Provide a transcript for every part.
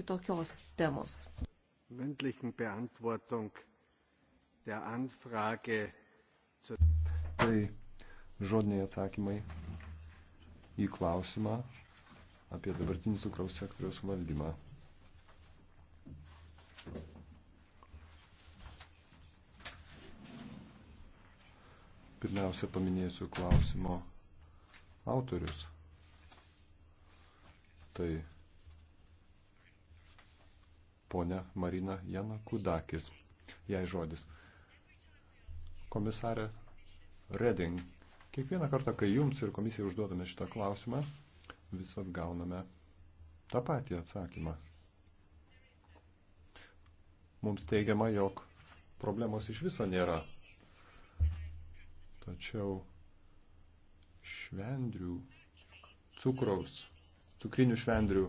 kitokios temos. Tai žodiniai atsakymai į klausimą apie dabartinį cukraus sektoriaus valdymą. Pirmiausia, paminėsiu klausimo autorius. Tai ponia Marina Jana Kudakis. Jai žodis. Komisarė Reding, kiekvieną kartą, kai jums ir komisijai užduodame šitą klausimą, visat gauname tą patį atsakymą. Mums teigiama, jog problemos iš viso nėra. Tačiau švendrių, cukraus, cukrinių švendrių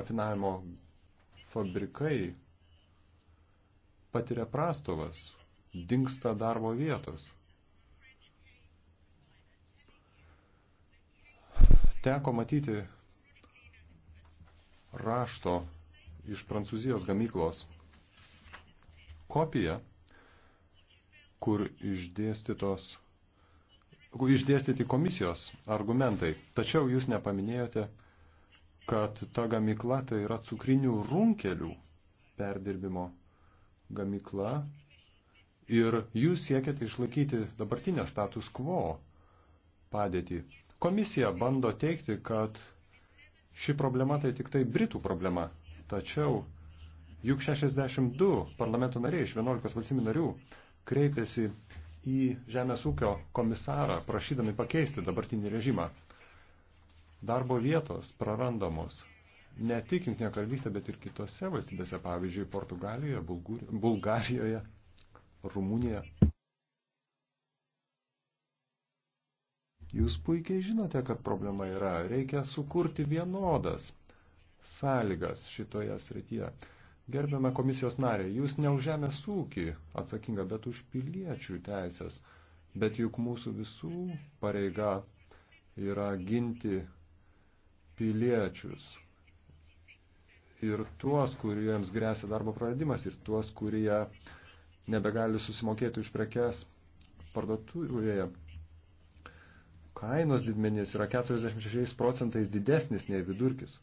rafinavimo fabrikai patiria prastovas, dinksta darbo vietos. Teko matyti rašto iš Prancūzijos gamyklos kopiją, kur išdėstytos išdėstyti komisijos argumentai, tačiau jūs nepaminėjote kad ta gamykla tai yra cukrinių runkelių perdirbimo gamykla ir jūs siekiate išlaikyti dabartinę status quo padėtį. Komisija bando teikti, kad ši problema tai tik tai Britų problema, tačiau juk 62 parlamento nariai iš 11 valstybių narių kreipėsi į Žemės ūkio komisarą prašydami pakeisti dabartinį režimą darbo vietos prarandamos ne tik Junktinė karalystė, bet ir kitose valstybėse, pavyzdžiui, Portugalijoje, Bulgur... Bulgarijoje, Rumunijoje. Jūs puikiai žinote, kad problema yra. Reikia sukurti vienodas sąlygas šitoje srityje. Gerbiame komisijos narė, jūs ne už žemės ūkį atsakinga, bet už piliečių teisės. Bet juk mūsų visų pareiga yra ginti piliečius. Ir tuos, kuriems grėsia darbo praradimas, ir tuos, kurie nebegali susimokėti už prekes parduotuvėje. Kainos didmenys yra 46 procentais didesnis nei vidurkis.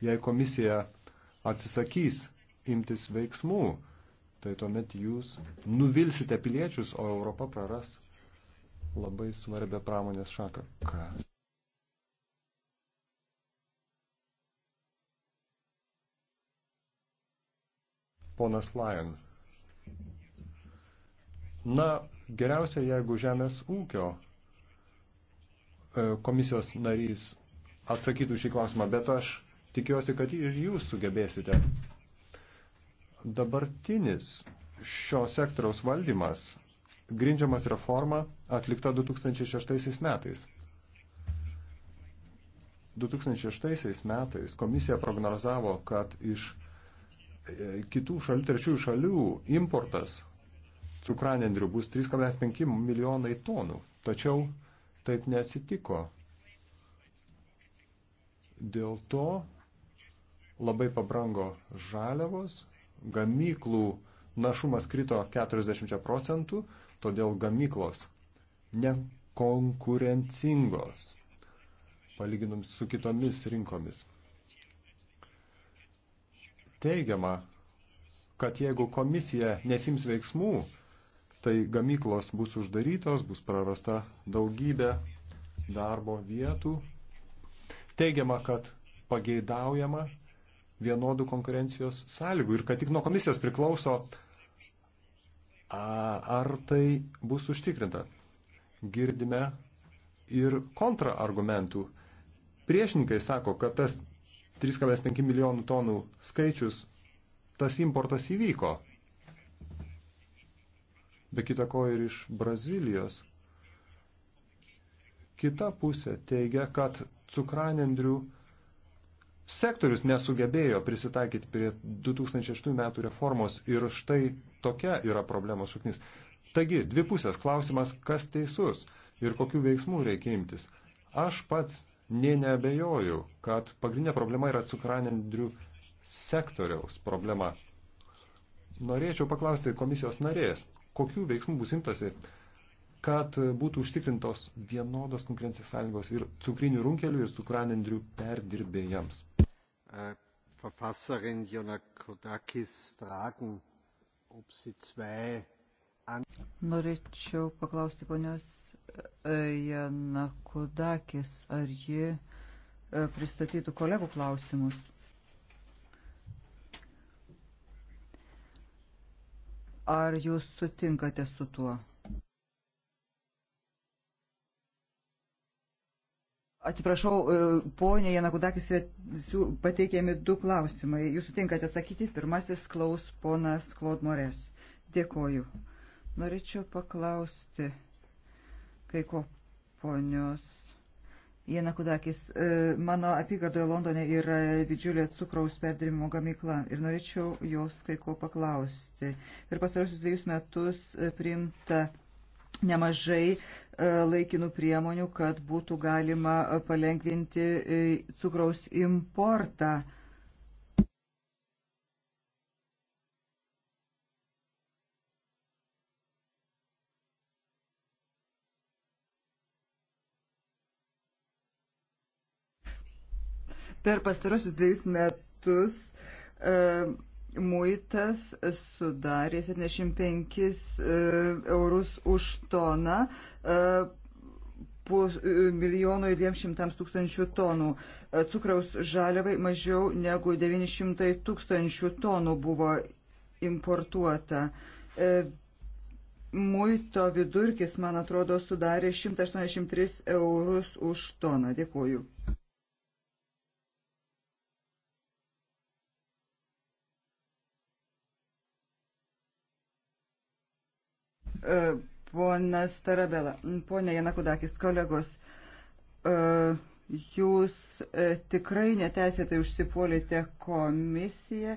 Jei komisija atsisakys imtis veiksmų, tai tuomet jūs nuvilsite piliečius, o Europa praras labai svarbę pramonės šaką. Ką? ponas Lion. Na, geriausia, jeigu Žemės ūkio e, komisijos narys atsakytų šį klausimą, bet aš tikiuosi, kad ir jūs sugebėsite. Dabartinis šio sektoriaus valdymas grindžiamas reforma atlikta 2006 metais. 2006 metais komisija prognozavo, kad iš E, kitų šalių, trečiųjų šalių importas cukranendrių bus 3,5 milijonai tonų. Tačiau taip nesitiko. Dėl to labai pabrango žaliavos, gamyklų našumas krito 40 procentų, todėl gamyklos nekonkurencingos, palyginum su kitomis rinkomis teigiama, kad jeigu komisija nesims veiksmų, tai gamyklos bus uždarytos, bus prarasta daugybė darbo vietų. Teigiama, kad pageidaujama vienodų konkurencijos sąlygų ir kad tik nuo komisijos priklauso, ar tai bus užtikrinta. Girdime ir kontraargumentų. Priešininkai sako, kad tas 3,5 milijonų tonų skaičius, tas importas įvyko. Be kita ko ir iš Brazilijos. Kita pusė teigia, kad cukranendrių sektorius nesugebėjo prisitaikyti prie 2006 metų reformos ir štai tokia yra problemos šaknis. Taigi, dvi pusės klausimas, kas teisus ir kokių veiksmų reikia imtis. Aš pats Nė nebejoju, kad pagrindinė problema yra cukranendrių sektoriaus problema. Norėčiau paklausti komisijos narės, kokių veiksmų bus imtasi, kad būtų užtikrintos vienodos konkurencijos sąlygos ir cukrinių runkelių ir cukranendrių perdirbėjams. Verfasserin äh, Jonakodakis fragen, ob sie zwei Norėčiau paklausti ponios Janakudakis, ar ji e, pristatytų kolegų klausimus? Ar jūs sutinkate su tuo? Atsiprašau, e, ponė Janakudakis pateikėmi du klausimai. Jūs sutinkate atsakyti, pirmasis klaus ponas Klod Mores. Dėkoju. Norėčiau paklausti kai ko ponios. Jena Kudakis, e, mano apygardoje Londone yra didžiulė cukraus perdirbimo gamykla ir norėčiau jos kai ko paklausti. Per pastarosius dviejus metus e, priimta nemažai e, laikinų priemonių, kad būtų galima palengvinti cukraus importą Per pastarosius dviejus metus e, muitas sudarė 75 e, eurus už toną. E, e milijono ir 200 tūkstančių tonų. E, cukraus žaliavai mažiau negu 900 tūkstančių tonų buvo importuota. E, muito vidurkis, man atrodo, sudarė 183 eurus už toną. Dėkuoju. E, ponas Tarabela, ponė Janakudakis, kolegos, e, jūs e, tikrai neteisėtai užsipuolėte komisiją.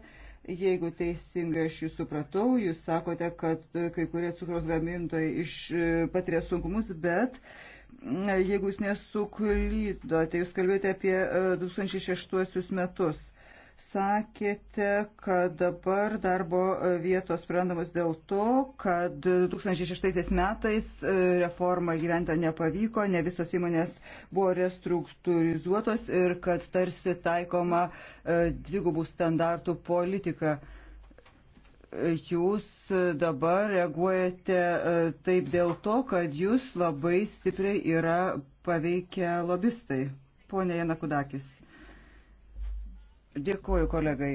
Jeigu teisingai aš jūs supratau, jūs sakote, kad kai kurie cukros gamintojai patiria sunkumus, bet jeigu jūs nesuklydote, jūs kalbėjote apie 2006 metus. Sakėte, kad dabar darbo vietos prarandamos dėl to, kad 2006 metais e, reforma gyventa nepavyko, ne visos įmonės buvo restruktūrizuotos ir kad tarsi taikoma e, dvigubų standartų politika. E, jūs dabar reaguojate taip dėl to, kad jūs labai stipriai yra paveikę lobistai. Pone Janakudakis. Dėkuoju kolegai.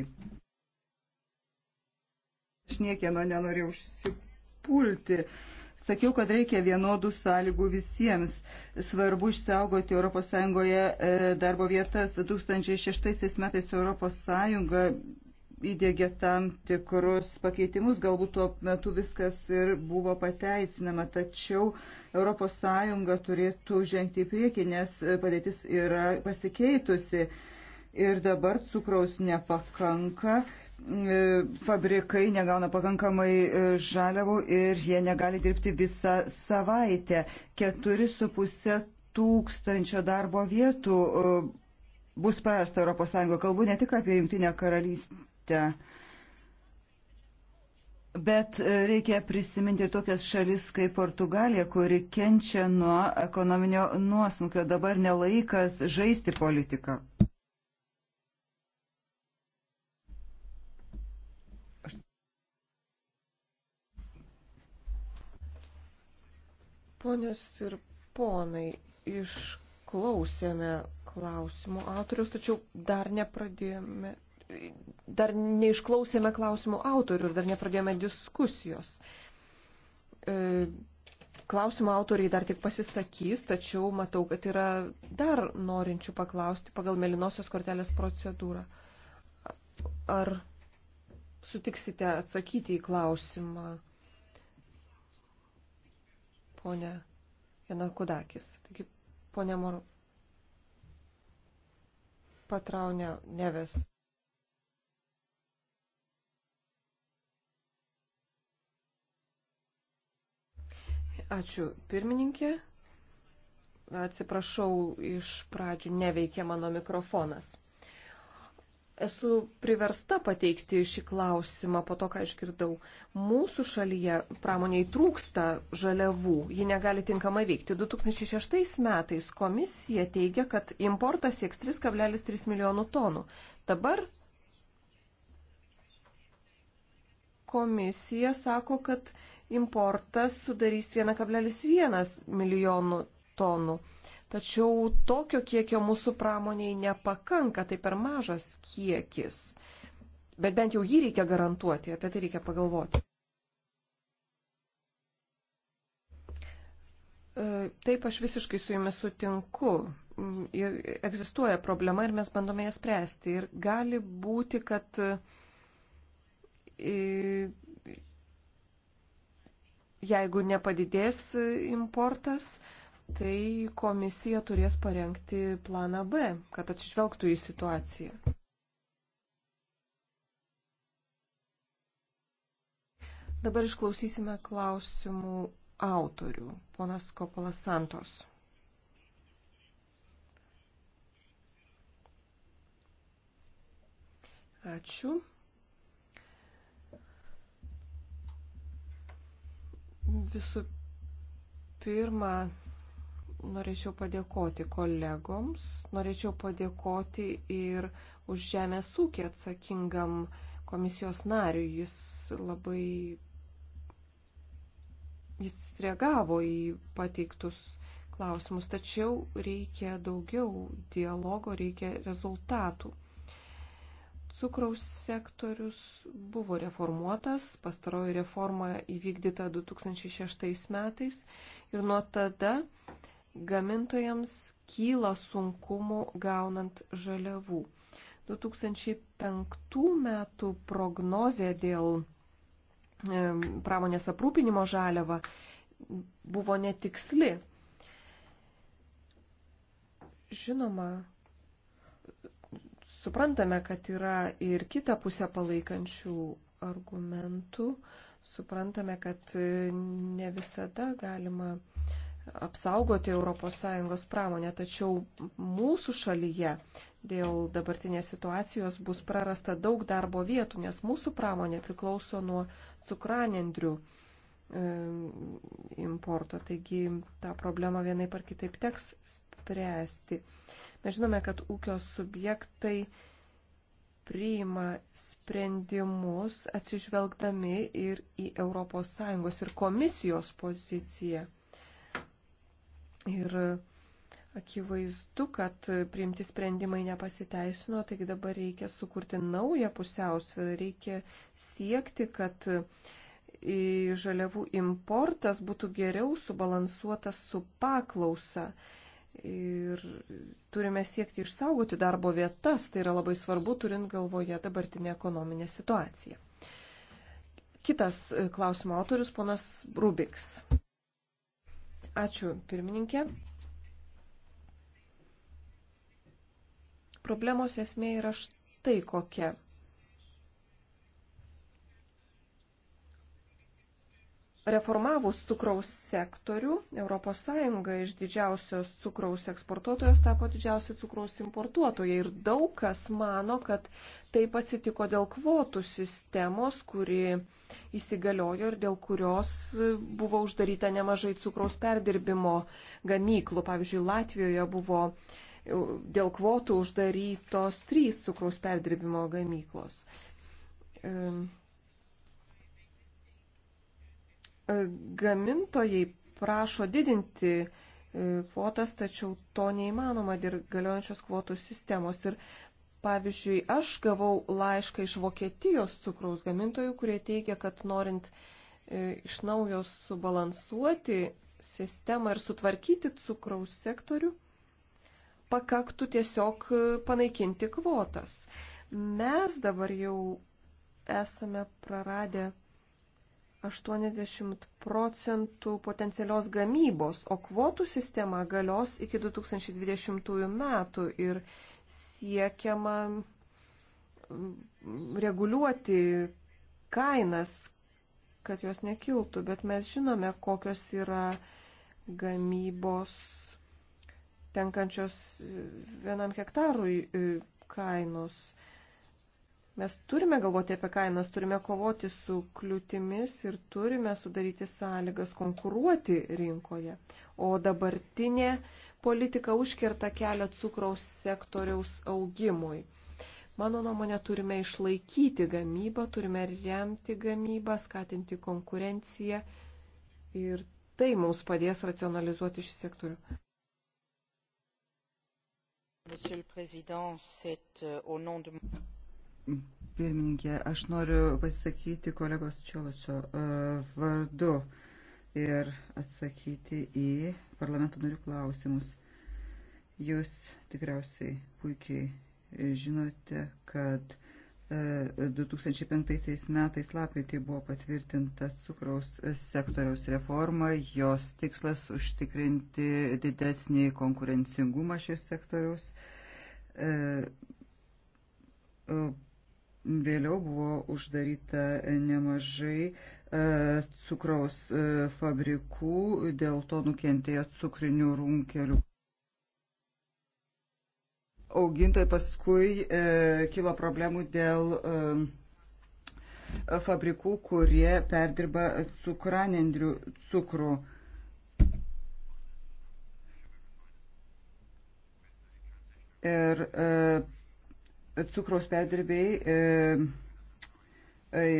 Aš niekieno nenorėjau užsipulti. Sakiau, kad reikia vienodų sąlygų visiems. Svarbu išsaugoti ES e, darbo vietas. 2006 metais ES įdėgė tam tikrus pakeitimus, galbūt tuo metu viskas ir buvo pateisinama, tačiau ES turėtų žengti į priekį, nes padėtis yra pasikeitusi ir dabar cukraus nepakanka, e, fabrikai negauna pakankamai e, žaliavų ir jie negali dirbti visą savaitę. 4,5 tūkstančio darbo vietų e, bus prarasta ES. Kalbu ne tik apie Junktinę karalystę. Bet reikia prisiminti ir tokias šalis kaip Portugalija, kuri kenčia nuo ekonominio nuosmukio. Dabar nelaikas žaisti politiką. Ponios ir ponai, išklausėme klausimų autorius, tačiau dar nepradėjome, dar neišklausėme klausimų autorių ir dar nepradėjome diskusijos. E, klausimų autoriai dar tik pasisakys, tačiau matau, kad yra dar norinčių paklausti pagal melinosios kortelės procedūrą. Ar sutiksite atsakyti į klausimą? ponė Jana Kudakis. Taigi, ponė Mor patraunė neves. Ačiū pirmininkė. Atsiprašau, iš pradžių neveikia mano mikrofonas esu priversta pateikti šį klausimą po to, ką išgirdau. Mūsų šalyje pramoniai trūksta žaliavų, ji negali tinkamai veikti. 2006 metais komisija teigia, kad importas sieks 3,3 milijonų tonų. Dabar komisija sako, kad importas sudarys 1,1 milijonų tonų. Tačiau tokio kiekio mūsų pramoniai nepakanka, tai per mažas kiekis. Bet bent jau jį reikia garantuoti, apie tai reikia pagalvoti. E, taip, aš visiškai su jumis sutinku. Ir egzistuoja problema ir mes bandome ją spręsti. Ir gali būti, kad e, jeigu nepadidės importas, tai komisija turės parengti planą B, kad atsižvelgtų į situaciją. Dabar išklausysime klausimų autorių. Ponas Kopolas Santos. Ačiū. Visų pirma, Norėčiau padėkoti kolegoms, norėčiau padėkoti ir už žemės ūkį atsakingam komisijos nariui. Jis labai jis reagavo į pateiktus klausimus, tačiau reikia daugiau dialogo, reikia rezultatų. Cukraus sektorius buvo reformuotas, pastaroji reforma įvykdyta 2006 metais ir nuo tada gamintojams kyla sunkumų gaunant žaliavų. 2005 metų prognozė dėl pramonės aprūpinimo žaliava buvo netiksli. Žinoma, suprantame, kad yra ir kitą pusę palaikančių argumentų, suprantame, kad e, ne visada galima apsaugoti ES pramonę, tačiau mūsų šalyje dėl dabartinės situacijos bus prarasta daug darbo vietų, nes mūsų pramonė priklauso nuo cukranendrių e, importo, taigi tą problemą vienai par kitaip teks spręsti. Mes žinome, kad ūkio subjektai priima sprendimus atsižvelgdami ir į ES ir komisijos poziciją. Ir akivaizdu, kad priimti sprendimai nepasiteisino, taigi dabar reikia sukurti naują pusiausvyrą, reikia siekti, kad žaliavų importas būtų geriau subalansuotas su paklausa. Ir turime siekti išsaugoti darbo vietas, tai yra labai svarbu, turint galvoje dabartinę ekonominę situaciją. Kitas e, klausimo autorius, ponas Rubiks. Ačiū, pirmininkė. Problemos esmė yra štai kokia. Reformavus cukraus sektorių, ES iš didžiausios cukraus eksportuotojos tapo didžiausia cukraus importuotoja ir daug kas mano, kad taip atsitiko dėl kvotų sistemos, kuri įsigaliojo ir dėl kurios buvo uždaryta nemažai cukraus perdirbimo gamyklų. Pavyzdžiui, Latvijoje buvo e, dėl kvotų uždarytos trys cukraus perdirbimo gamyklos. Um gamintojai prašo didinti e, kvotas, tačiau to neįmanoma dėl galiojančios kvotų sistemos. Ir pavyzdžiui, aš gavau laišką iš Vokietijos cukraus gamintojų, kurie teigia, kad norint e, iš naujo subalansuoti sistemą ir sutvarkyti cukraus sektorių, pakaktų tiesiog e, panaikinti kvotas. Mes dabar jau esame praradę 80 procentų potencialios gamybos, o kvotų sistema galios iki 2020 metų ir siekiama mm, reguliuoti kainas, kad jos nekiltų, bet mes žinome, kokios yra gamybos tenkančios vienam hektarui e, kainos. Mes turime galvoti apie kainas, turime kovoti su kliūtimis ir turime sudaryti sąlygas konkuruoti rinkoje. O dabartinė politika užkerta kelią cukraus sektoriaus augimui. Mano nuomonė, turime išlaikyti gamybą, turime remti gamybą, skatinti konkurenciją ir tai mums padės racionalizuoti šį sektorių. Monsieur le Président, c'est euh, au nom de pirmininkė, aš noriu pasisakyti kolegos Čiolosio e, vardu ir atsakyti į parlamento narių klausimus. Jūs tikriausiai puikiai žinote, kad 2005 e, metais lapkritį buvo patvirtinta cukraus sektoriaus reforma. Jos tikslas užtikrinti didesnį konkurencingumą šios sektoriaus e, Vėliau buvo uždaryta nemažai e, cukraus e, fabrikų, dėl to nukentėjo cukrinių runkelių. Augintojai paskui e, kilo problemų dėl e, fabrikų, kurie perdirba cukranendrių cukrų. Ir e, cukros perdirbėjai e, e,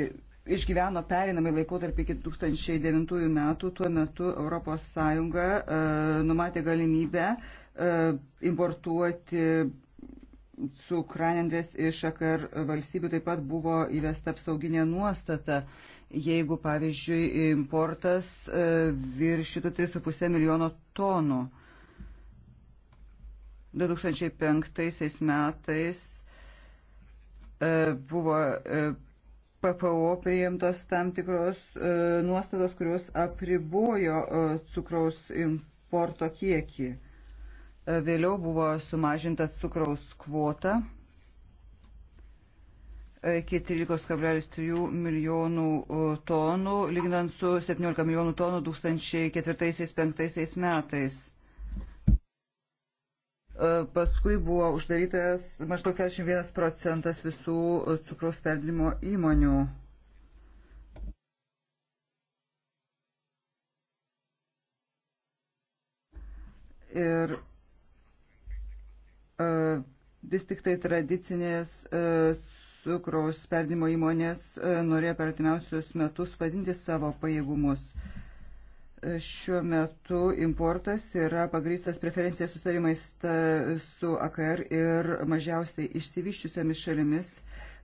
išgyveno perinamai laikotarpį iki 2009 metų. Tuo metu ES e, numatė galimybę e, importuoti cukranendrės iš akar valstybių. Taip pat buvo įvesta apsauginė nuostata. Jeigu, pavyzdžiui, importas e, viršytų 3,5 milijono tonų. 2005 metais E, buvo e, PPO priimtos tam tikros e, nuostatos, kurios apribojo cukraus importo kiekį. Vėliau buvo sumažinta cukraus kvota iki 13,3 milijonų tonų, lyginant su 17 milijonų tonų 2004-2005 metais. Paskui buvo uždarytas maždaug 41 procentas visų cukraus perdirimo įmonių. Ir uh, vis tik tai tradicinės uh, cukraus perdimo įmonės uh, norėjo per artimiausius metus padinti savo pajėgumus. Uh, Šiuo metu importas yra pagrįstas preferencijos sustarimais su AKR ir mažiausiai išsivyščiusiamis šalimis.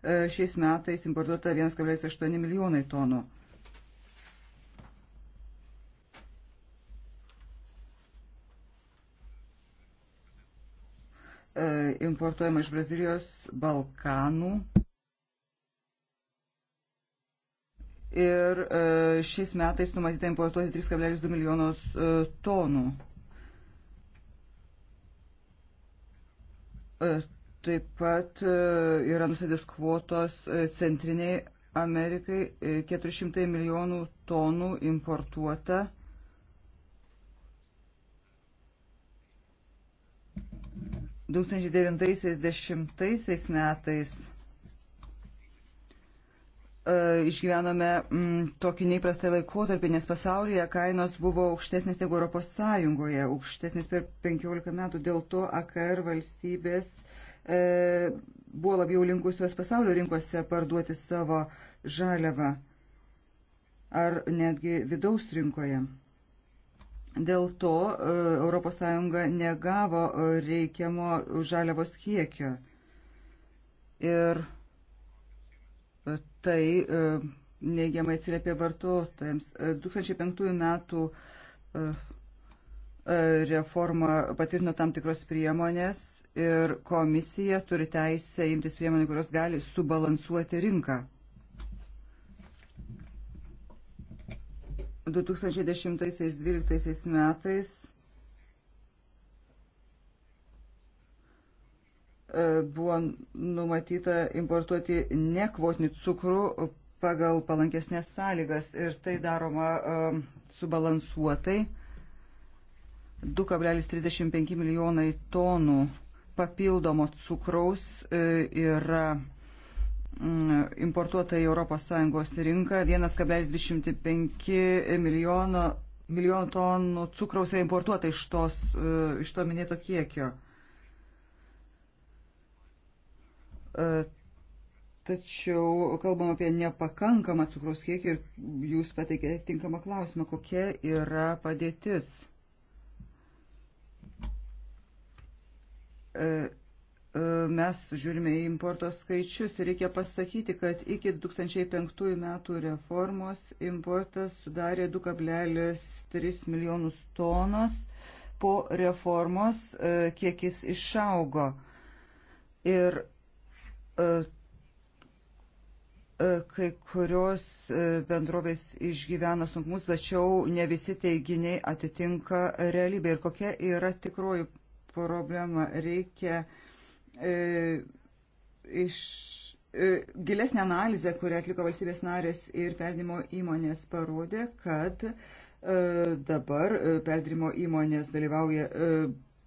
E, šiais metais importuota 1,8 milijonai tonų. E, importuojama iš Brazilijos, Balkanų. ir e, šiais metais numatyta importuoti 3,2 milijonos e, tonų. E, taip pat yra nusidės kvotos centriniai Amerikai 400 milijonų tonų importuota. Tūkstančiai devintaisiais dešimtaisiais metais E, išgyvenome m, mm, tokį neįprastą laikotarpį, nes pasaulyje kainos buvo aukštesnės negu Europos Sąjungoje, aukštesnės per 15 metų, dėl to AKR valstybės e, buvo labiau linkusios pasaulio rinkose parduoti savo žaliavą ar netgi vidaus rinkoje. Dėl to e, ES negavo reikiamo žaliavos kiekio. Ir tai e, neigiamai atsiliepė vartotojams. 2005 e, metų e, reforma patvirtino tam tikros priemonės ir komisija turi teisę imtis priemonių, kurios gali subalansuoti rinką. 2010-2012 metais buvo numatyta importuoti nekvotinį cukrų pagal palankesnės sąlygas ir tai daroma um, subalansuotai. 2,35 milijonai tonų papildomo cukraus e, yra mm, importuota į ES rinką, 1,25 milijono, milijono tonų cukraus yra importuota iš, tos, e, iš to minėto kiekio. E, tačiau kalbam apie nepakankamą cukraus kiekį ir jūs pateikėte tinkamą klausimą, kokia yra padėtis. E, e, mes žiūrime į importo skaičius ir reikia pasakyti, kad iki 2005 metų reformos importas sudarė 2,3 milijonus tonos. Po reformos kiekis išaugo. Ir E, e, kai kurios e, bendrovės išgyvena sunkumus, tačiau ne visi teiginiai atitinka realybę. Ir kokia yra tikroji problema? Reikia e, iš e, gilesnė analizė, kurią atliko valstybės narės ir perdimo įmonės parodė, kad e, dabar perdimo įmonės dalyvauja e,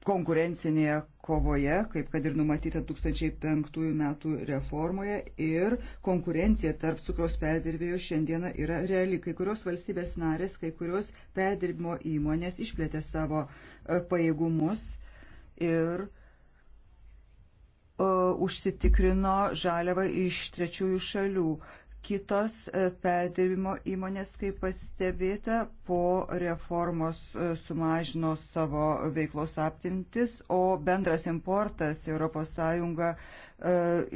konkurencinėje kovoje, kaip kad ir numatyta 2005 metų reformoje, ir konkurencija tarp cukros perdirbėjų šiandieną yra reali. Kai kurios valstybės narės, kai kurios perdirbimo įmonės išplėtė savo e, pajėgumus ir uh, užsitikrino žaliavą iš trečiųjų šalių kitos e, perdirbimo įmonės, kaip pastebėta, po reformos e, sumažino savo veiklos aptimtis, o bendras importas ES e,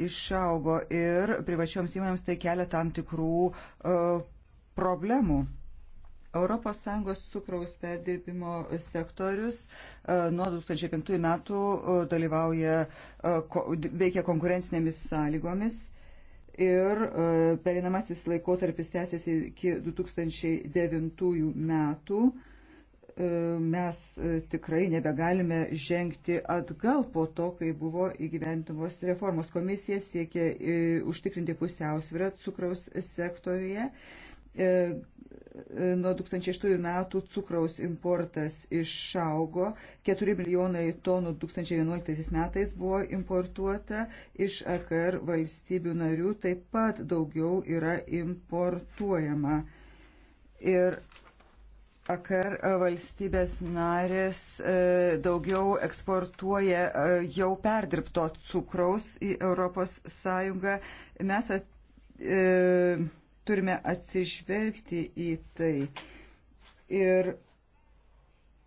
išaugo ir privačioms įmonėms tai kelia tam tikrų problemų. ES cukraus perdirbimo sektorius nuo 2005 metų dalyvauja, veikia konkurencinėmis sąlygomis ir e, perinamasis laikotarpis tęsiasi iki 2009 metų. E, mes e, tikrai nebegalime žengti atgal po to, kai buvo įgyventimos reformos. Komisija siekia užtikrinti pusiausvyrą cukraus sektorija E, e, nuo 2006 metų cukraus importas išaugo, 4 milijonai tonų 2011 metais buvo importuota, iš AKR valstybių narių taip pat daugiau yra importuojama. Ir AKR valstybės narės e, daugiau eksportuoja jau perdirbto cukraus į ES. Mes at, e, turime atsižvelgti į tai. Ir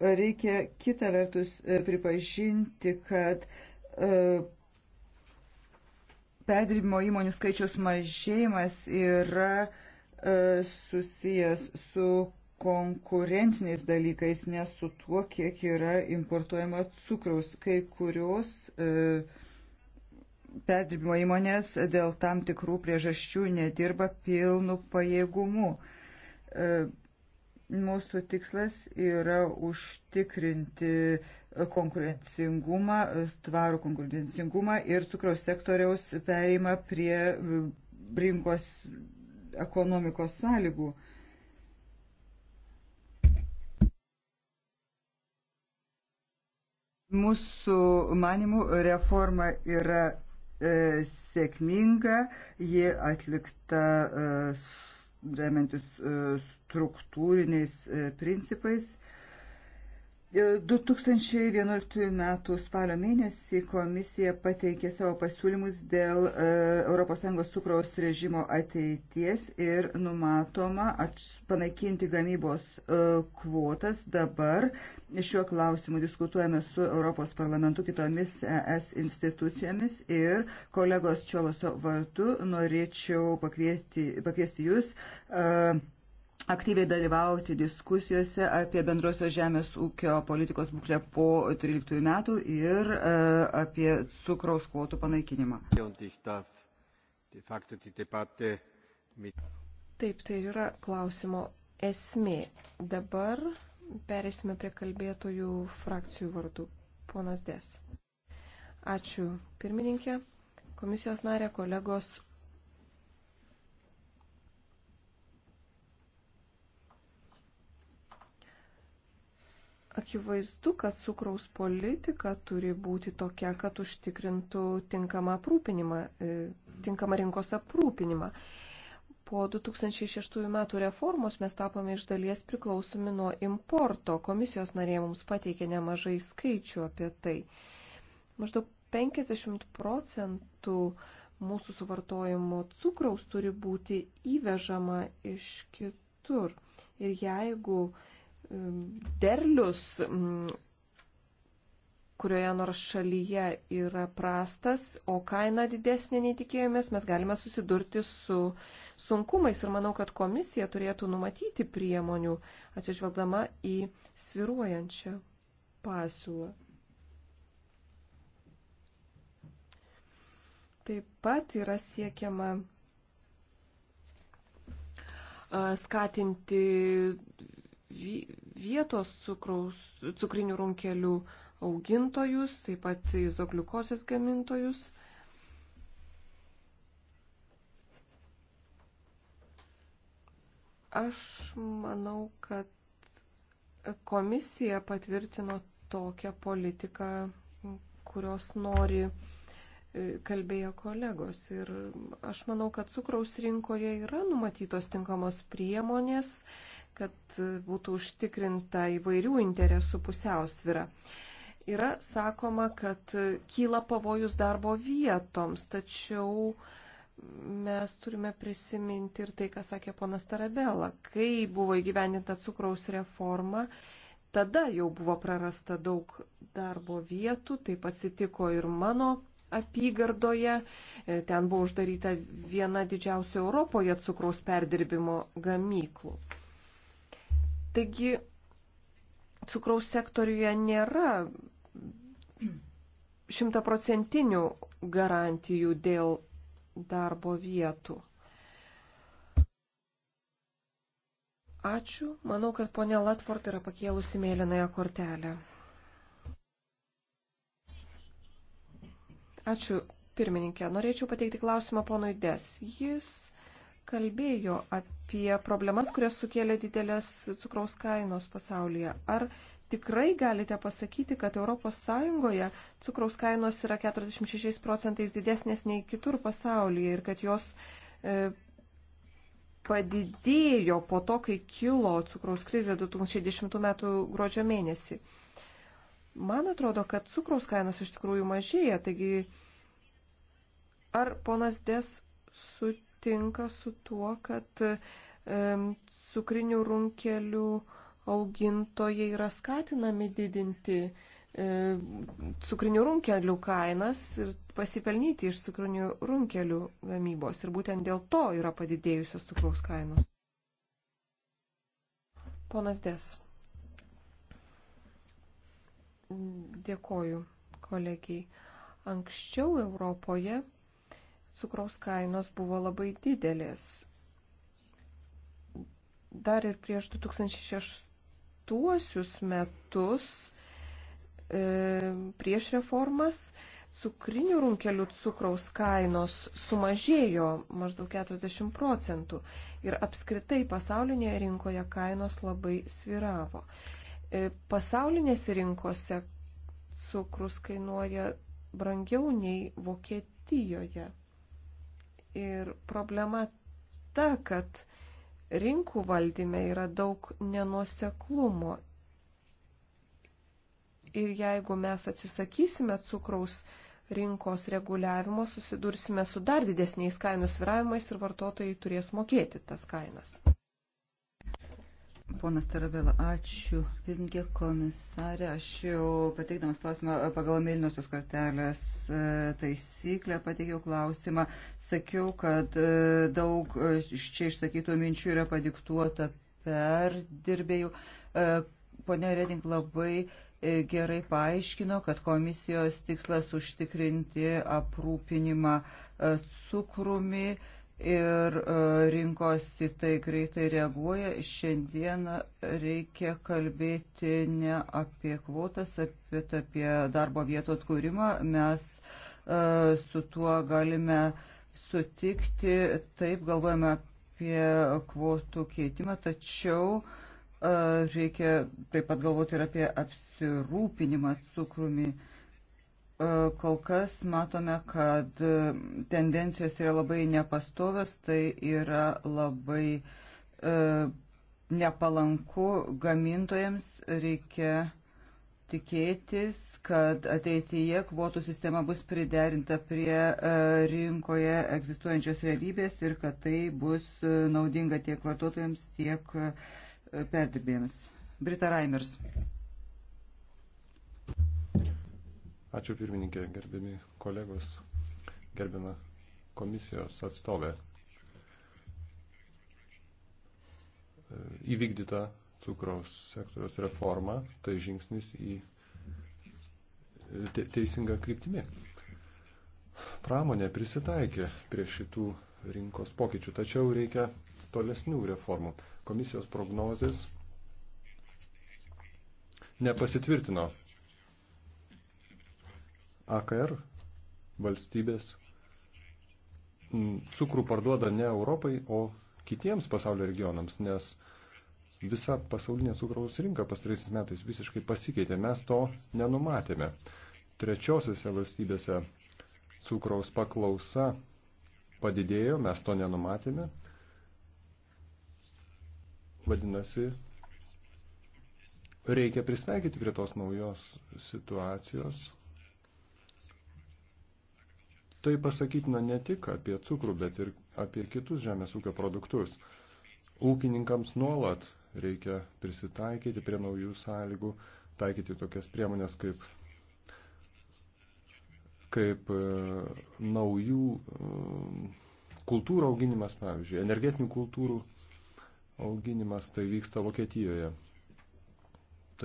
reikia kitą vertus e, pripažinti, kad e, perdirbimo įmonių skaičiaus mažėjimas yra e, susijęs su konkurenciniais dalykais, nes su tuo, kiek yra importuojama cukraus. Kai kurios uh, perdirbimo įmonės dėl tam tikrų priežasčių nedirba pilnu pajėgumu. E, mūsų tikslas yra užtikrinti konkurencingumą, tvarų konkurencingumą ir cukraus sektoriaus pereimą prie rinkos ekonomikos sąlygų. Mūsų manimų reforma yra E, sėkminga, ji atlikta e, remiantis e, struktūriniais principais 2011 m. spalio mėnesį komisija pateikė savo pasiūlymus dėl e, ES cukraus režimo ateities ir numatoma panaikinti gamybos e, kvotas. Dabar šiuo klausimu diskutuojame su Europos parlamentu kitomis e, ES institucijomis ir kolegos Čioloso vartu norėčiau pakviesti, pakviesti jūs. Uh, aktyviai dalyvauti diskusijose apie bendrosios žemės ūkio politikos būklę po 13 metų ir e, apie cukraus kvotų panaikinimą. Taip, tai yra klausimo esmė. Dabar perėsime prie kalbėtojų frakcijų vardų. Ponas Des. Ačiū pirmininkė, komisijos narė, kolegos Akivaizdu, kad cukraus politika turi būti tokia, kad užtikrintų tinkamą, aprūpinimą, e, tinkamą rinkos aprūpinimą. Po 2006 metų reformos mes tapome iš dalies priklausomi nuo importo. Komisijos narė mums pateikė nemažai skaičių apie tai. Maždaug 50 procentų mūsų suvartojimo cukraus turi būti įvežama iš kitur. Ir jeigu uh, derlius, mm, kurioje nors šalyje yra prastas, o kaina didesnė nei tikėjomės, mes galime susidurti su sunkumais ir manau, kad komisija turėtų numatyti priemonių atsižvelgdama į sviruojančią pasiūlą. Taip pat yra siekiama skatinti vietos cukraus, cukrinių runkelių augintojus, taip pat izogliukosės gamintojus. Aš manau, kad komisija patvirtino tokią politiką, kurios nori e, kalbėjo kolegos. Ir aš manau, kad cukraus rinkoje yra numatytos tinkamos priemonės, uh, kad būtų užtikrinta įvairių interesų pusiausvyra. Yra sakoma, kad kyla pavojus darbo vietoms, tačiau mes turime prisiminti ir tai, ką sakė ponas Tarabela. Kai buvo įgyvendinta cukraus reforma, tada jau buvo prarasta daug darbo vietų, taip atsitiko ir mano apygardoje. Ten buvo uždaryta viena didžiausių Europoje cukraus perdirbimo gamyklų. Taigi, cukraus sektoriuje nėra šimtaprocentinių garantijų dėl darbo vietų. Ačiū. Manau, kad ponė Latford yra pakėlusi mėlynąją kortelę. Ačiū, pirmininkė. Norėčiau pateikti klausimą ponui Des. Jis kalbėjo apie problemas, kurias sukėlė didelės cukraus kainos pasaulyje. Ar tikrai galite pasakyti, kad ES cukraus kainos yra 46 procentais didesnės nei kitur pasaulyje ir kad jos e, padidėjo po to, kai kilo cukraus krizė 2010 m. gruodžio mėnesį? Man atrodo, kad cukraus kainos iš tikrųjų mažėja, taigi ar ponas Des sutikė? sutinka su tuo, kad cukrinių runkelių augintojai yra skatinami didinti cukrinių runkelių kainas ir pasipelnyti iš cukrinių runkelių gamybos. Ir būtent dėl to yra padidėjusios cukraus kainos. Ponas Des. Dėkoju kolegijai. Anksčiau Europoje cukraus kainos buvo labai didelės. Dar ir prieš 2006 metus e, prieš reformas cukrinių runkelių cukraus kainos sumažėjo maždaug 40 procentų ir apskritai pasaulinėje rinkoje kainos labai sviravo. E, pasaulinėse rinkose cukrus kainuoja brangiau nei Vokietijoje. Ir problema ta, kad rinkų valdyme yra daug nenuoseklumo. Ir jeigu mes atsisakysime cukraus rinkos reguliavimo, susidursime su dar didesniais kainų sviravimais ir vartotojai turės mokėti tas kainas. Ponas Taravela, ačiū. Pirmkė komisarė, aš jau pateikdamas klausimą pagal Mėlynosios kortelės e, taisyklę pateikiau klausimą. Sakiau, kad e, daug e, čia išsakytų minčių yra padiktuota per dirbėjų. Pone Reding labai gerai paaiškino, kad komisijos tikslas užtikrinti aprūpinimą cukrumi ir e, rinkos į tai greitai reaguoja. Šiandieną reikia kalbėti ne apie kvotas, bet apie darbo vietų atkūrimą. Mes e, su tuo galime sutikti, taip galvojame apie kvotų keitimą, tačiau e, reikia taip pat galvoti ir apie apsirūpinimą cukrumi. E, kol kas matome, kad e, tendencijos yra labai nepastovios, tai yra labai e, nepalanku gamintojams, reikia tikėtis, kad ateityje kvotų sistema bus priderinta prie rinkoje egzistuojančios realybės ir kad tai bus naudinga tiek vartotojams, tiek perdirbėjams. Brita Raimers. Ačiū pirmininkė, gerbiami kolegos, gerbiama komisijos atstovė. E, įvykdyta cukraus sektoriaus reforma tai žingsnis į teisingą kryptimį. Pramonė prisitaikė prie šitų rinkos pokyčių, tačiau reikia tolesnių reformų. Komisijos prognozės nepasitvirtino AKR valstybės cukrų parduoda ne Europai, o kitiems pasaulio regionams, nes visa pasaulinė cukraus rinka pastaraisiais metais visiškai pasikeitė. Mes to nenumatėme. Trečiosiuose valstybėse cukraus paklausa padidėjo, mes to nenumatėme. Vadinasi, reikia pristaikyti prie tos naujos situacijos Tai pasakytina ne tik apie cukrų, bet ir apie kitus žemės ūkio produktus. Ūkininkams nuolat reikia prisitaikyti prie naujų sąlygų, taikyti tokias priemonės kaip, kaip e, naujų e, kultūrų auginimas, pavyzdžiui, energetinių kultūrų auginimas, tai vyksta Vokietijoje.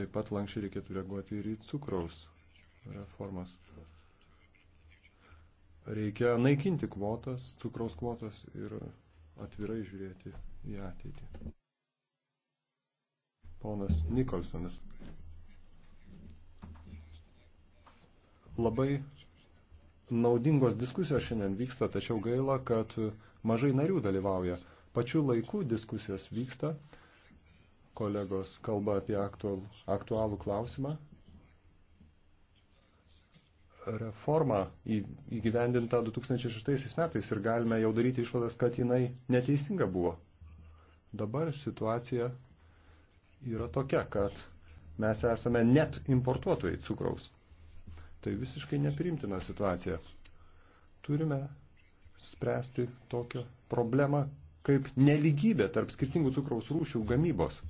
Taip pat lankščiai reikėtų reaguoti ir į cukraus reformas. Reikia naikinti kvotas, cukraus kvotas ir atvirai žiūrėti į ateitį. Ponas Nikolsonas. Labai naudingos diskusijos šiandien vyksta, tačiau gaila, kad mažai narių dalyvauja. Pačiu laiku diskusijos vyksta, kolegos kalba apie aktualų, aktualų klausimą, reforma įgyvendinta 2006 metais ir galime jau daryti išvadas, kad jinai neteisinga buvo. Dabar situacija yra tokia, kad mes esame net importuotojai cukraus. Tai visiškai neprimtina situacija. Turime spręsti tokią problemą kaip neligybė tarp skirtingų cukraus rūšių gamybos.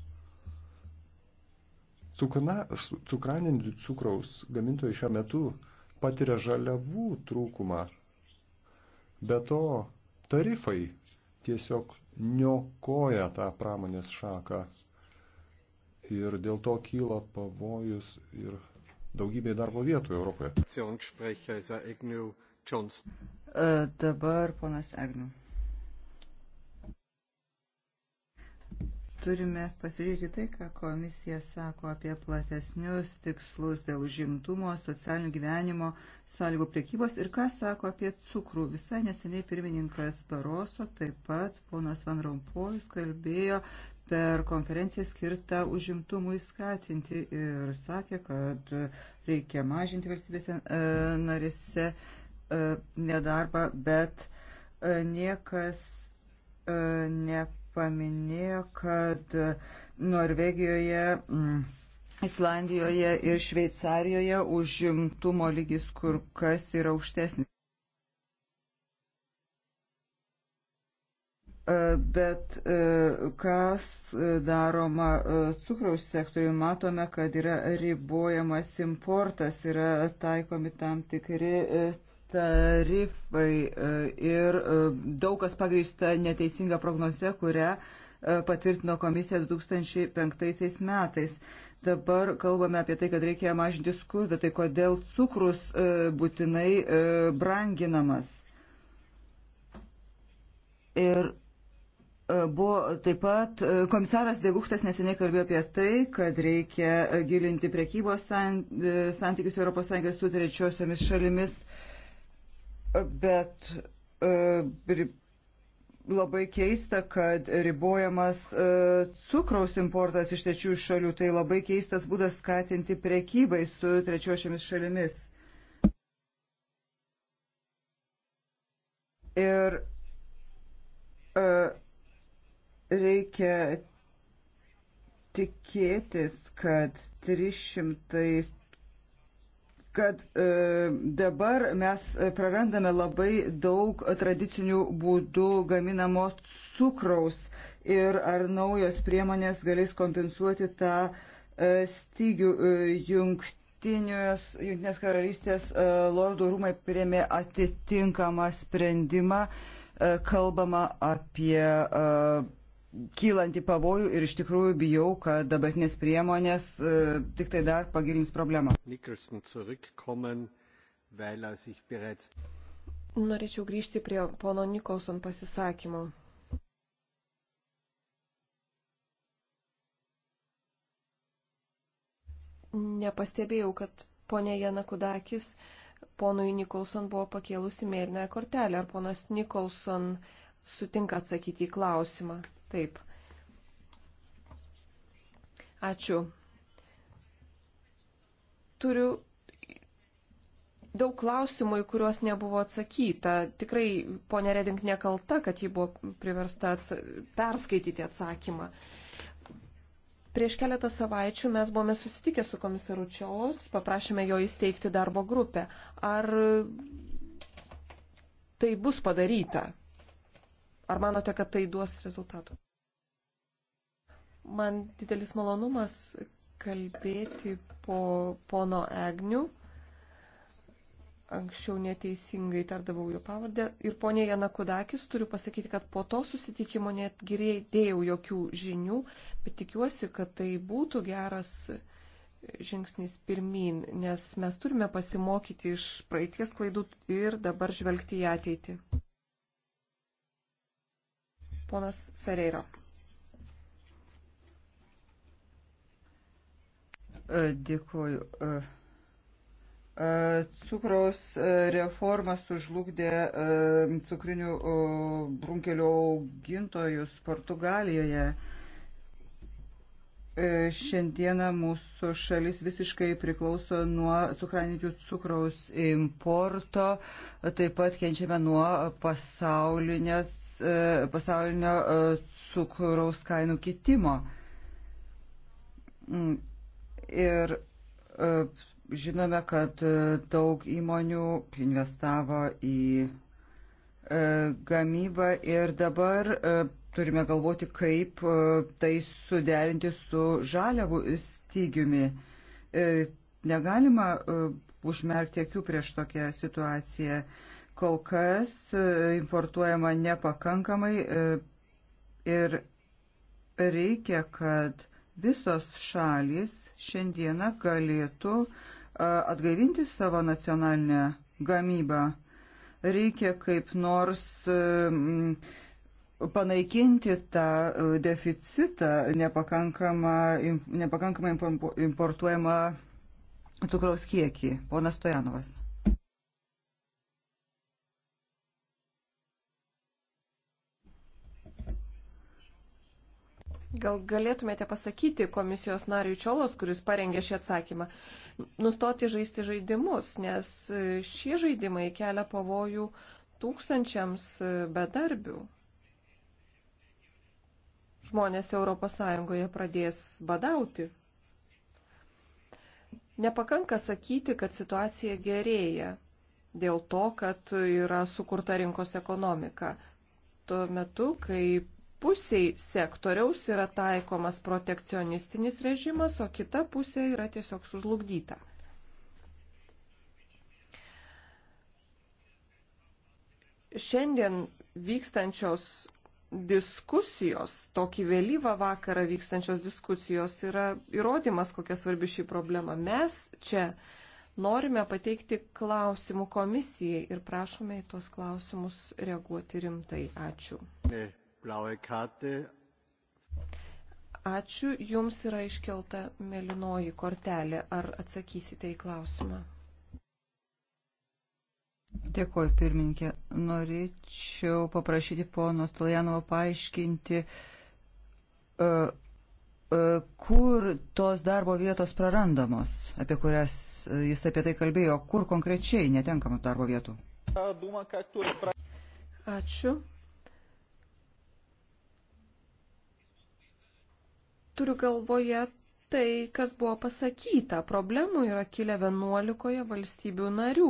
Cukrana, cukranendrių cukraus gamintojai šiuo metu patiria žaliavų trūkumą. Be to, tarifai tiesiog niokoja tą pramonės šaką. Ir dėl to kyla pavojus ir daugybė darbo vietų Europoje. Dabar ponas Agniu. turime pasižiūrėti tai, ką komisija sako apie platesnius tikslus dėl žimtumo, socialinių gyvenimo, sąlygų priekybos ir ką sako apie cukrų. Visai neseniai pirmininkas Baroso, taip pat ponas Van Rompojus kalbėjo per konferenciją skirtą užimtumui skatinti ir sakė, kad reikia mažinti valstybėse e, narise e, nedarbą, bet e, niekas ne paminėjo, kad Norvegijoje, mm, Islandijoje ir Šveicarijoje užimtumo lygis kur kas yra aukštesnis. E, bet e, kas daroma e, cukraus sektoriui, matome, kad yra ribojamas importas, yra taikomi tam tikri tarifai e, ir e, daug kas pagrįsta neteisinga prognoze, kurią e, patvirtino komisija 2005 metais. Dabar kalbame apie tai, kad reikia mažinti skurdą, tai kodėl cukrus būtinai branginamas. Ir buvo taip pat komisaras Deguktas neseniai kalbėjo apie tai, kad reikia gilinti prekybos santykius ES su trečiosiomis šalimis. Uh, bet e, labai keista, kad ribojamas e, cukraus importas iš trečiųjų šalių. Tai labai keistas būdas skatinti prekybai su trečiošiamis šalimis. Ir e, reikia tikėtis, kad 300 kad e, dabar mes prarandame labai daug tradicinių būdų gaminamo cukraus ir ar naujos priemonės galės kompensuoti tą e, stygių e, jungtį. Junktinės karalystės e, lordų rūmai priemė atitinkamą sprendimą, e, kalbama apie e, kylanti pavojų ir iš tikrųjų bijau, kad dabartinės priemonės e, tik tai dar pagilins problemą. Er Norėčiau grįžti prie pono Nikolson pasisakymo. Nepastebėjau, kad ponė Jana Kudakis ponui Nikolson buvo pakėlusi mėlynąją kortelę. Ar ponas Nikolson sutinka atsakyti į klausimą? Taip. Ačiū. Turiu daug klausimų, į kuriuos nebuvo atsakyta. Tikrai ponė Redink nekalta, kad ji buvo priversta ats perskaityti atsakymą. Prieš keletą savaičių mes buvome susitikę su komisaru Čiolos, paprašėme jo įsteigti darbo grupę. Ar tai bus padaryta? Ar manote, kad tai duos rezultatų? Man didelis malonumas kalbėti po pono Egnių. Anksčiau neteisingai tardavau jo pavardę. Ir ponė Jana Kudakis, turiu pasakyti, kad po to susitikimo net giriai dėjau jokių žinių, bet tikiuosi, kad tai būtų geras žingsnis pirmin, nes mes turime pasimokyti iš praeities klaidų ir dabar žvelgti į ateitį. Ponas Ferreira. E, dėkuoju. E, e, cukraus reforma sužlugdė cukrinių brunkelio augintojus Portugalijoje. Šiandieną mūsų šalis visiškai priklauso nuo cukranikių cukraus importo, taip pat kenčiame nuo pasaulinės E, pasaulinio e, cukraus kainų kitimo. Mm. Ir e, žinome, kad daug įmonių investavo į gamybą ir dabar turime galvoti, kaip tai suderinti su žaliavų stygiumi. Negalima užmerkti akių prieš tokią situaciją kol kas e, importuojama nepakankamai e, ir reikia, kad visos šalys šiandieną galėtų e, atgaivinti savo nacionalinę gamybą. Reikia kaip nors panaikinti tą deficitą nepakankamą, nepakankamą importuojamą cukraus kiekį. Ponas Stojanovas. Gal galėtumėte pasakyti komisijos nariui Čiolos, kuris parengė šį atsakymą, nustoti žaisti žaidimus, nes šie žaidimai kelia pavojų tūkstančiams bedarbių. Žmonės ES pradės badauti. Nepakanka sakyti, kad situacija gerėja dėl to, kad yra sukurta rinkos ekonomika. Tuo metu, kai pusiai sektoriaus yra taikomas protekcionistinis režimas, o kita pusė yra tiesiog sužlugdyta. Šiandien vykstančios diskusijos, tokį vėlyvą vakarą vykstančios diskusijos yra įrodymas, kokia svarbi šį problemą. Mes čia norime pateikti klausimų komisijai ir prašome į tuos klausimus reaguoti rimtai. Ačiū. Ne. Ačiū, jums yra iškelta mėlynoji kortelė. Ar atsakysite į klausimą? Dėkoju, pirmininkė. Norėčiau paprašyti pono Stojanovo paaiškinti, e, e, kur tos darbo vietos prarandamos, apie kurias e, jis apie tai kalbėjo, kur konkrečiai netenkama darbo vietų. Ačiū. turiu galvoje tai, kas buvo pasakyta. Problemų yra kilę 11 valstybių narių.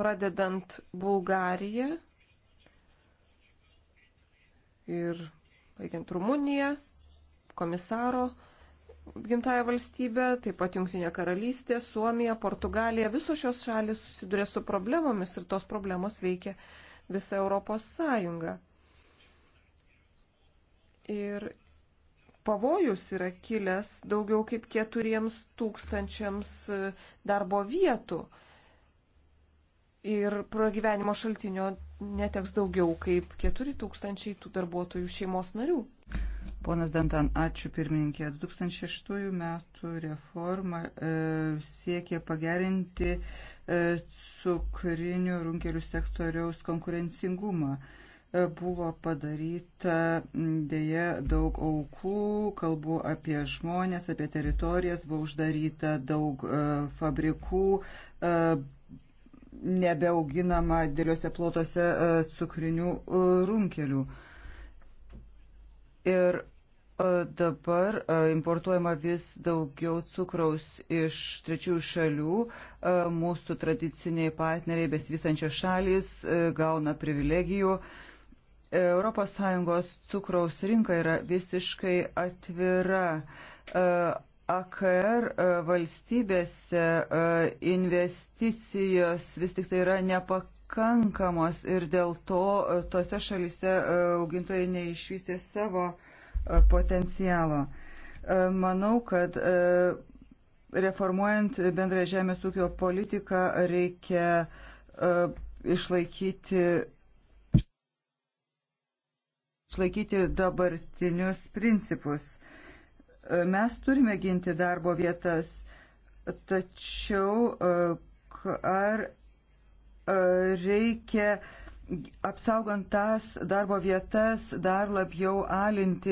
Pradedant Bulgariją ir baigiant Rumuniją, komisaro gimtają valstybę, taip pat Junktinė karalystė, Suomija, Portugalija, visos šios šalis susiduria su problemomis ir tos problemos veikia visą Europos Sąjungą. Ir pavojus yra kilęs daugiau kaip keturiems tūkstančiams e, darbo vietų. Ir pragyvenimo šaltinio neteks daugiau kaip keturi tūkstančiai tų darbuotojų šeimos narių. Ponas Dantan, ačiū pirmininkė. 2006 metų reforma e, siekė pagerinti e, cukrinių runkelių sektoriaus konkurencingumą. E, buvo padaryta dėje daug aukų, kalbu apie žmonės, apie teritorijas, buvo uždaryta daug e, fabrikų, e, nebeauginama dėliuose plotuose e, cukrinių runkelių. Ir dabar importuojama vis daugiau cukraus iš trečiųjų šalių. Mūsų tradiciniai partneriai, besivysančios šalis, gauna privilegijų. ES cukraus rinka yra visiškai atvira. E, AKR e, valstybėse e, investicijos vis tik tai yra nepakankamos ir dėl to tose šalise augintojai neišvystė savo potencialo. Manau, kad reformuojant bendrą žemės ūkio politiką reikia išlaikyti išlaikyti dabartinius principus. E, mes turime ginti darbo vietas, tačiau e, ar e, reikia apsaugant tas darbo vietas dar labiau alinti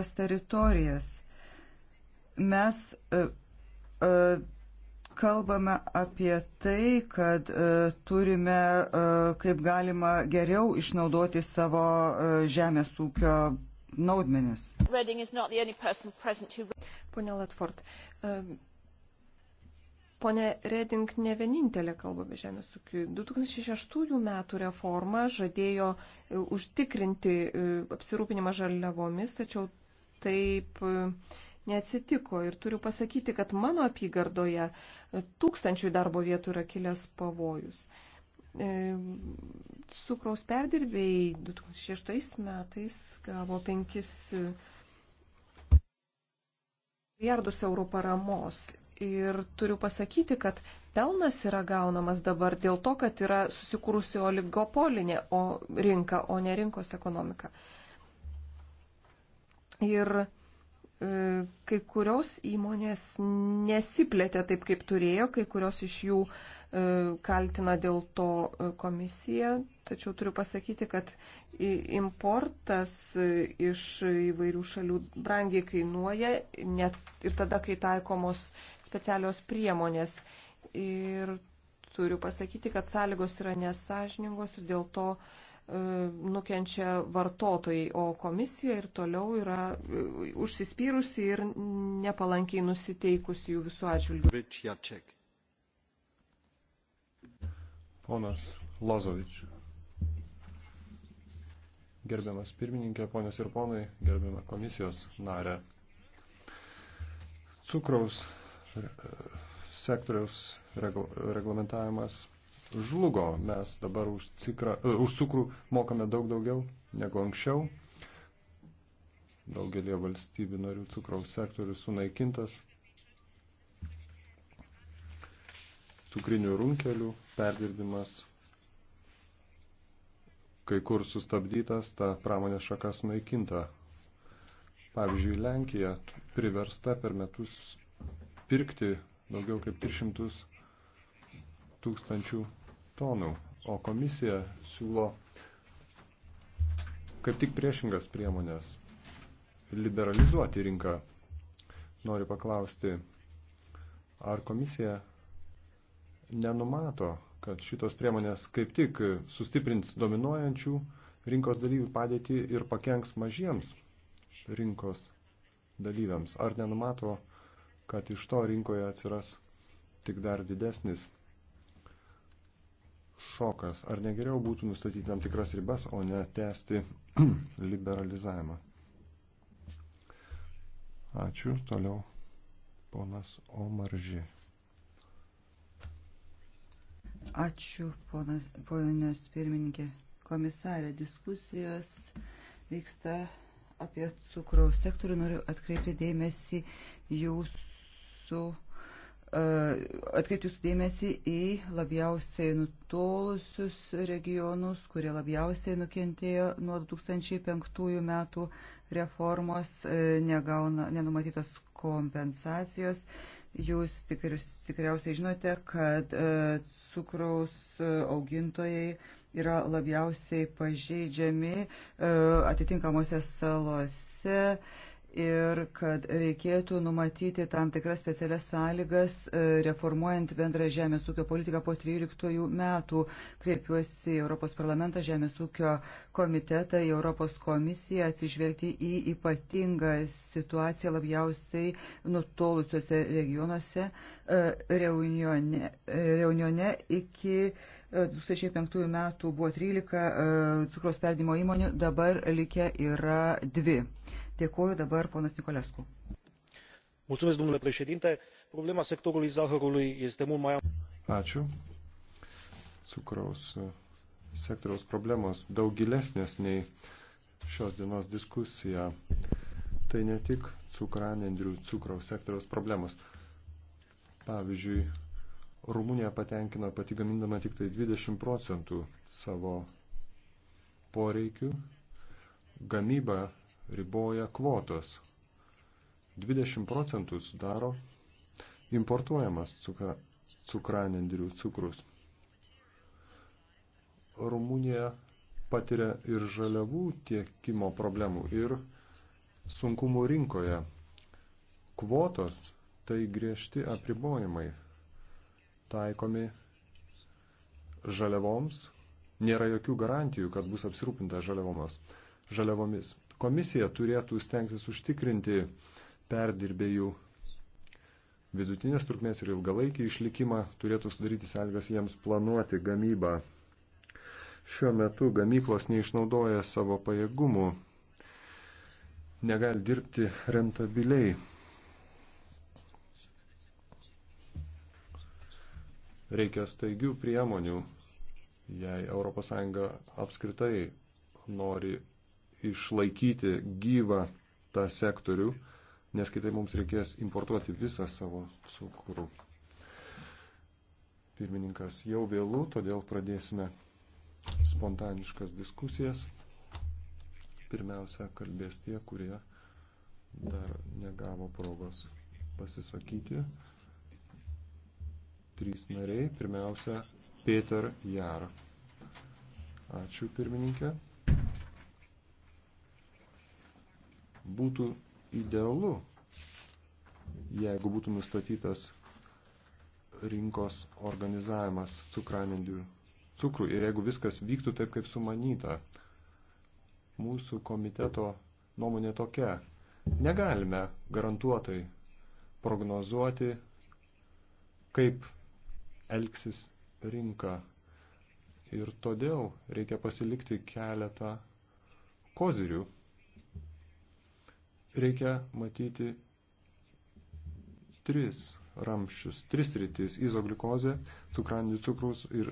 ES teritorijas. Mes kalbame apie tai, kad e, turime e, kaip galima geriau išnaudoti savo e, žemės ūkio naudmenis. Who... Pone Latford, e, Pone Reding ne vienintelė kalba apie žemės ūkį. 2006 metų reforma žadėjo e, užtikrinti e, apsirūpinimą žaliavomis, tačiau taip e, neatsitiko. Ir turiu pasakyti, kad mano apygardoje e, tūkstančių darbo vietų yra kilęs pavojus. Sukraus e, perdirbėjai 2006 metais gavo 5 milijardus eurų paramos. Ir turiu pasakyti, kad pelnas yra gaunamas dabar dėl to, kad yra susikūrusi oligopolinė o rinka, o ne rinkos ekonomika. Ir kai kurios įmonės nesiplėtė taip, kaip turėjo, kai kurios iš jų e, kaltina dėl to e, komisiją, tačiau turiu pasakyti, kad importas e, iš įvairių šalių brangiai kainuoja, net ir tada, kai taikomos specialios priemonės. Ir turiu pasakyti, kad sąlygos yra nesažiningos ir dėl to uh, E, nukenčia vartotojai, o komisija ir toliau yra e, užsispyrusi ir nepalankiai nusiteikusi jų visų atžvilgių. Ponas Lozovič. Gerbiamas pirmininkė, ponios ir ponai, gerbiama komisijos narė. Cukraus e, sektoriaus regl reglamentavimas žlugo. Mes dabar už, cikra, e, už cukrų mokame daug daugiau negu anksčiau. Daugelie valstybių narių cukraus sektorius sunaikintas. Cukrinių runkelių perdirbimas kai kur sustabdytas, ta pramonės šaka sunaikinta. Pavyzdžiui, Lenkija priversta per metus pirkti daugiau kaip 300 tūkstančių tonų, o komisija siūlo kaip tik priešingas priemonės liberalizuoti rinką. Noriu paklausti, ar komisija nenumato, kad šitos priemonės kaip tik sustiprins dominuojančių rinkos dalyvių padėtį ir pakenks mažiems rinkos dalyviams? Ar nenumato, kad iš to rinkoje atsiras tik dar didesnis šokas. Ar negeriau būtų nustatyti tam tikras ribas, o ne tęsti liberalizavimą? Ačiū. Toliau ponas Omarži. Ačiū, ponas, ponas pirmininkė. Komisarė, diskusijos vyksta apie cukraus sektorių. Noriu atkreipti dėmesį jūsų E, atkreipti jūsų dėmesį į labiausiai nutolusius regionus, kurie labiausiai nukentėjo nuo 2005 metų reformos, e, negauna, nenumatytos kompensacijos. Jūs tikr, tikriausiai žinote, kad e, cukraus augintojai yra labiausiai pažeidžiami atitinkamosiose salose ir kad reikėtų numatyti tam tikras specialias sąlygas e, reformuojant bendrą žemės ūkio politiką po 13 metų. Kreipiuosi į Europos parlamentą, žemės ūkio komitetą, į Europos komisiją atsižvelgti į ypatingą situaciją labiausiai nutolusiuose regionuose e, Reunione, e, Reunione iki 2005 metų buvo 13 cukros perdimo įmonių, dabar likę yra 2. Dėkuoju dabar ponas Nikolescu. Mulțumesc, domnule președinte. Problema sectorului zahărului este mult mai... Ačiū. Cukraus e, sektoriaus problemos daug gilesnės nei šios dienos diskusija. Tai ne tik cukranendrių cukraus sektoriaus problemos. Pavyzdžiui, Rumunija patenkina pati gamindama tik tai 20 procentų savo poreikių. Gamyba riboja kvotos. 20 procentų sudaro importuojamas cukra, cukranendrių cukrus. Rumunija patiria ir žaliavų tiekimo problemų ir sunkumų rinkoje. Kvotos tai griežti apribojimai taikomi žaliavoms, nėra jokių garantijų, kad bus apsirūpinta žaliavomis. žaliavomis. Komisija turėtų stengtis užtikrinti perdirbėjų vidutinės trukmės ir ilgalaikį išlikimą, turėtų sudaryti sąlygas jiems planuoti gamybą. Šiuo metu gamyklos neišnaudoja savo pajėgumų, negali dirbti rentabiliai. Reikia staigių priemonių, jei ES apskritai nori išlaikyti gyvą tą sektorių, nes kitai mums reikės importuoti visą savo cukrų. Pirmininkas jau vėlų, todėl pradėsime spontaniškas diskusijas. Pirmiausia, kalbės tie, kurie dar negavo progos pasisakyti. Trys nariai. Pirmiausia, Peter Jar. Ačiū pirmininkė. būtų idealu, jeigu būtų nustatytas rinkos organizavimas cukranendrių cukrų ir jeigu viskas vyktų taip, kaip sumanyta. Mūsų komiteto nuomonė tokia. Negalime garantuotai prognozuoti, kaip elgsis rinka. Ir todėl reikia pasilikti keletą kozirių reikia matyti tris ramščius, tris rytis - izogliukozė, cukranį cukrus ir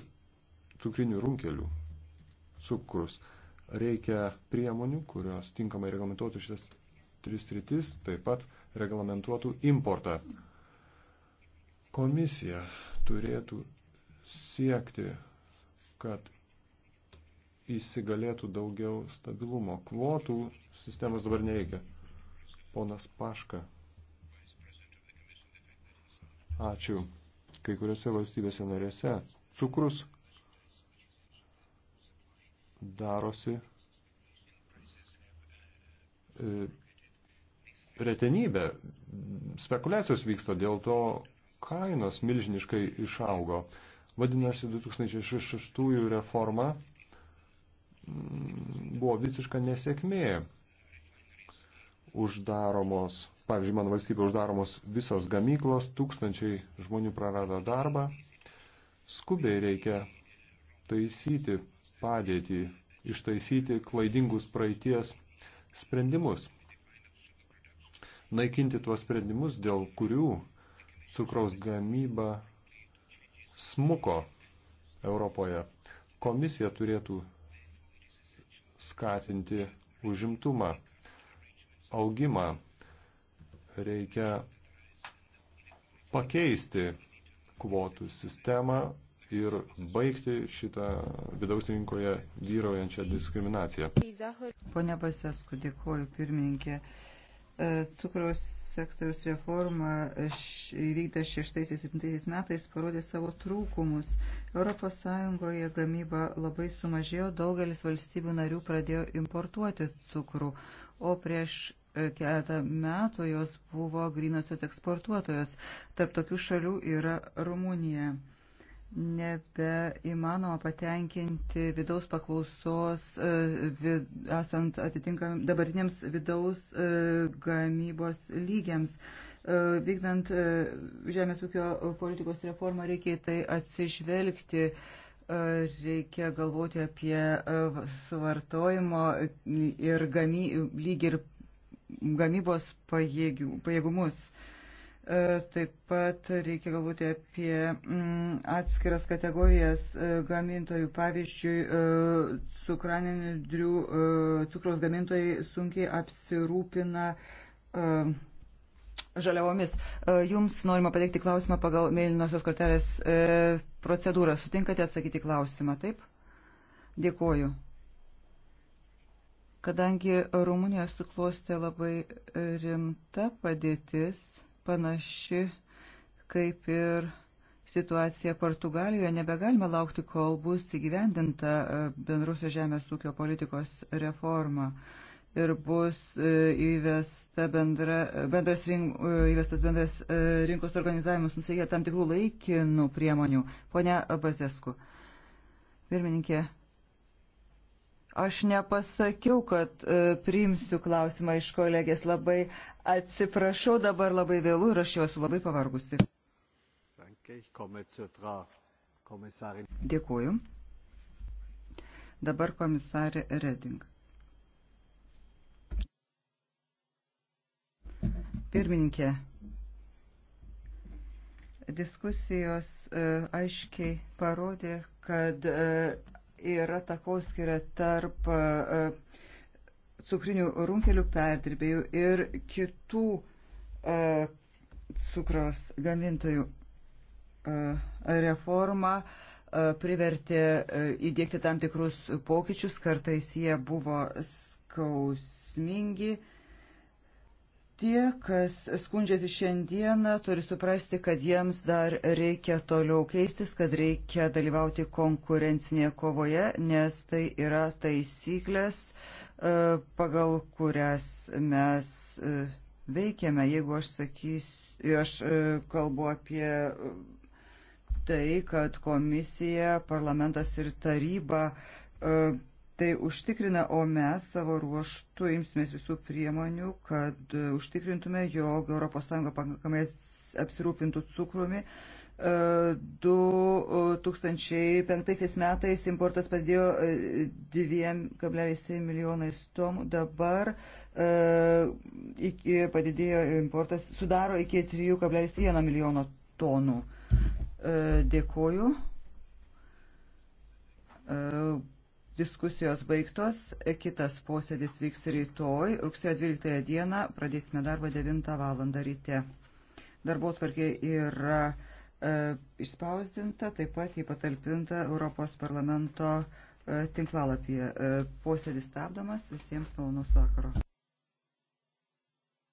cukrinių runkelių cukrus. Reikia priemonių, kurios tinkamai reglamentuotų šitas tris rytis, taip pat reglamentuotų importą. Komisija turėtų siekti, kad įsigalėtų daugiau stabilumo. Kvotų sistemos dabar nereikia. Ponas Paška. Ačiū. Kai kuriuose valstybėse narėse cukrus darosi e, retenybė. Spekulacijos vyksta, dėl to kainos milžiniškai išaugo. Vadinasi, 2006 reforma mm, buvo visiška nesėkmė uždaromos, pavyzdžiui, mano valstybė uždaromos visos gamyklos, tūkstančiai žmonių prarado darbą. Skubiai reikia taisyti padėtį, ištaisyti klaidingus praeities sprendimus. Naikinti tuos sprendimus, dėl kurių cukraus gamyba smuko Europoje. Komisija turėtų skatinti užimtumą augimą. Reikia pakeisti kvotų sistemą ir baigti šitą vidaus rinkoje vyraujančią diskriminaciją. Pone Basesku, dėkoju pirmininkė. E, cukraus sektoriaus reforma įvykta 6-7 metais parodė savo trūkumus. ES gamyba labai sumažėjo, daugelis valstybių narių pradėjo importuoti cukrų, o prieš E, keletą metų jos buvo grinosios eksportuotojos. Tarp tokių šalių yra Rumunija. Nebeįmanoma patenkinti vidaus paklausos, e, vid, esant atitinkam dabartiniams vidaus e, gamybos lygiams. Vykdant žemės ūkio politikos reformą reikia tai atsižvelgti reikia galvoti apie svartojimo ir gamy, lyg ir gamybos pajėgių, pajėgumus. E, taip pat reikia galvoti apie mm, atskiras kategorijas e, gamintojų. Pavyzdžiui, e, cukranendrių cukros gamintojai sunkiai apsirūpina žaliavomis. Jums norima pateikti klausimą pagal mėlynosios kortelės procedūrą. Sutinkate atsakyti klausimą, taip? Dėkuoju. Kadangi Rumunijoje suklostė labai rimta padėtis, panaši kaip ir situacija Portugalijoje, nebegalime laukti, kol bus įgyvendinta e, bendrusio žemės ūkio politikos reforma ir bus e, įvesta bendra, bendras rink, e, įvestas bendras rinkos organizavimas, nusigė tam tikrų laikinų priemonių. Pone Bazesku, pirmininkė, Aš nepasakiau, kad e, priimsiu klausimą iš kolegės. Labai atsiprašau, dabar labai vėlų ir aš jau esu labai pavargusi. Dėkuoju. Dabar komisarė Reding. Pirmininkė, diskusijos e, aiškiai parodė, kad e, yra takoskira tarp e, cukrinių runkelių perdirbėjų ir kitų e, cukros gamintojų e, reforma privertė įdėkti tam tikrus pokyčius, kartais jie buvo skausmingi Tie, kas skundžiasi šiandieną, turi suprasti, kad jiems dar reikia toliau keistis, kad reikia dalyvauti konkurencinėje kovoje, nes tai yra taisyklės, e, pagal kurias mes e, veikiame. Jeigu aš sakysiu, aš e, kalbu apie tai, kad komisija, parlamentas ir taryba tai užtikrina, o mes savo ruoštų imsimės visų priemonių, kad e, užtikrintume, jog ES pakankamai apsirūpintų cukrumi. 2005 e, e, metais importas padėjo 2,3 milijonais tomų, dabar iki, padidėjo importas, sudaro iki 3,1 milijono tonų. Dėkoju. Diskusijos baigtos, kitas posėdis vyks rytoj, rugsėjo 12 dieną, pradėsime darbą 9 val. ryte. Darbo tvarkė yra e, išspausdinta, taip pat jį patalpinta Europos parlamento e, tinklalapyje. E, posėdis stabdomas, visiems malonaus vakaro.